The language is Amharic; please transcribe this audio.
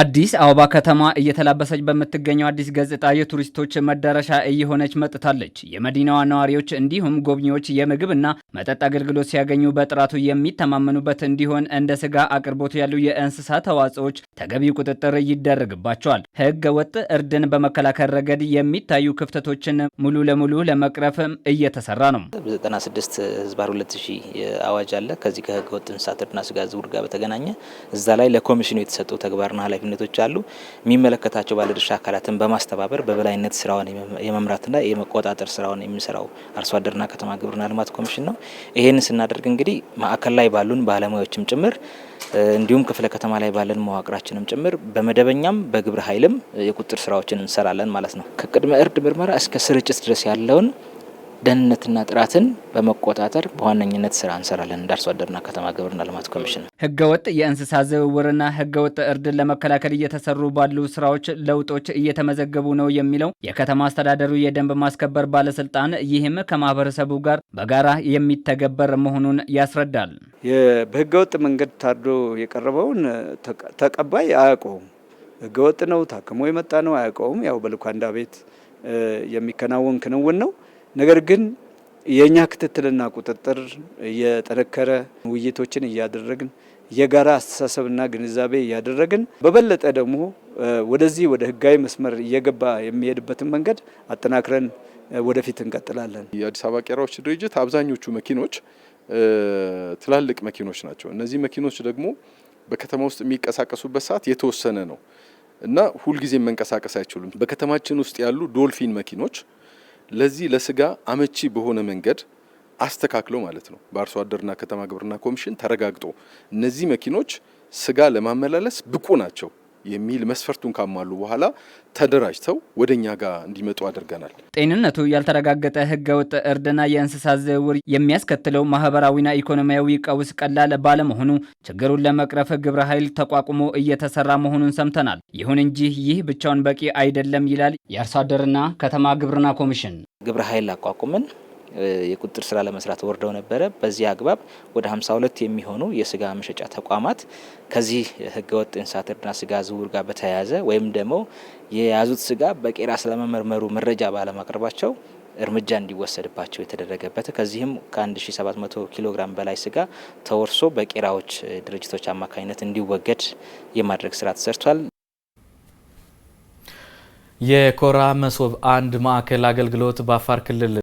አዲስ አበባ ከተማ እየተላበሰች በምትገኘው አዲስ ገጽታ የቱሪስቶች መዳረሻ እየሆነች መጥታለች። የመዲናዋ ነዋሪዎች እንዲሁም ጎብኚዎች የምግብና መጠጥ አገልግሎት ሲያገኙ በጥራቱ የሚተማመኑበት እንዲሆን እንደ ስጋ አቅርቦት ያሉ የእንስሳ ተዋጽኦዎች ተገቢው ቁጥጥር ይደረግባቸዋል። ሕገ ወጥ እርድን በመከላከል ረገድ የሚታዩ ክፍተቶችን ሙሉ ለሙሉ ለመቅረፍ እየተሰራ ነው በ96 ህዝባር 2000 አዋጅ አለ። ከዚህ ከሕገ ወጥ እንስሳት እርድና ስጋ ዝውውር ጋር በተገናኘ እዛ ላይ ለኮሚሽኑ የተሰጠው ተግባርና ላይ ኃላፊነቶች አሉ። የሚመለከታቸው ባለድርሻ አካላትን በማስተባበር በበላይነት ስራውን የመምራትና የመቆጣጠር ስራውን የሚሰራው አርሶ አደርና ከተማ ግብርና ልማት ኮሚሽን ነው። ይህን ስናደርግ እንግዲህ ማዕከል ላይ ባሉን ባለሙያዎችም ጭምር እንዲሁም ክፍለ ከተማ ላይ ባለን መዋቅራችንም ጭምር በመደበኛም በግብረ ኃይልም የቁጥር ስራዎችን እንሰራለን ማለት ነው። ከቅድመ እርድ ምርመራ እስከ ስርጭት ድረስ ያለውን ደህንነትና ጥራትን በመቆጣጠር በዋነኝነት ስራ እንሰራለን እንዳርሶ አደርና ከተማ ግብርና ልማት ኮሚሽን። ህገወጥ የእንስሳ ዝውውርና ህገወጥ እርድን ለመከላከል እየተሰሩ ባሉ ስራዎች ለውጦች እየተመዘገቡ ነው የሚለው የከተማ አስተዳደሩ የደንብ ማስከበር ባለስልጣን፣ ይህም ከማህበረሰቡ ጋር በጋራ የሚተገበር መሆኑን ያስረዳል። በህገወጥ መንገድ ታርዶ የቀረበውን ተቀባይ አያውቀውም። ህገወጥ ነው ታክሞ የመጣ ነው አያውቀውም። ያው በልኳንዳ ቤት የሚከናወን ክንውን ነው። ነገር ግን የእኛ ክትትልና ቁጥጥር እየጠነከረ ውይይቶችን እያደረግን የጋራ አስተሳሰብና ግንዛቤ እያደረግን በበለጠ ደግሞ ወደዚህ ወደ ህጋዊ መስመር እየገባ የሚሄድበትን መንገድ አጠናክረን ወደፊት እንቀጥላለን። የአዲስ አበባ ቄራዎች ድርጅት አብዛኞቹ መኪኖች ትላልቅ መኪኖች ናቸው። እነዚህ መኪኖች ደግሞ በከተማ ውስጥ የሚንቀሳቀሱበት ሰዓት የተወሰነ ነው እና ሁልጊዜም መንቀሳቀስ አይችሉም። በከተማችን ውስጥ ያሉ ዶልፊን መኪኖች ለዚህ ለስጋ አመቺ በሆነ መንገድ አስተካክሎ ማለት ነው በአርሶ አደርና ከተማ ግብርና ኮሚሽን ተረጋግጦ እነዚህ መኪኖች ስጋ ለማመላለስ ብቁ ናቸው የሚል መስፈርቱን ካሟሉ በኋላ ተደራጅተው ወደኛ ጋር እንዲመጡ አድርገናል። ጤንነቱ ያልተረጋገጠ ህገወጥ እርድና የእንስሳት ዝውውር የሚያስከትለው ማህበራዊና ኢኮኖሚያዊ ቀውስ ቀላል ባለመሆኑ ችግሩን ለመቅረፍ ግብረ ኃይል ተቋቁሞ እየተሰራ መሆኑን ሰምተናል። ይሁን እንጂ ይህ ብቻውን በቂ አይደለም ይላል የአርሶ አደርና ከተማ ግብርና ኮሚሽን ግብረ ኃይል አቋቁመን የቁጥጥር ስራ ለመስራት ወርደው ነበረ። በዚህ አግባብ ወደ 52 የሚሆኑ የስጋ መሸጫ ተቋማት ከዚህ ህገወጥ የእንስሳት ስጋ ዝውውር ጋር በተያያዘ ወይም ደግሞ የያዙት ስጋ በቄራ ስለመመርመሩ መረጃ ባለማቅረባቸው እርምጃ እንዲወሰድባቸው የተደረገበት ከዚህም ከ1700 ኪሎ ግራም በላይ ስጋ ተወርሶ በቄራዎች ድርጅቶች አማካኝነት እንዲወገድ የማድረግ ስራ ተሰርቷል። የኮራ መሶብ አንድ ማዕከል አገልግሎት በአፋር ክልል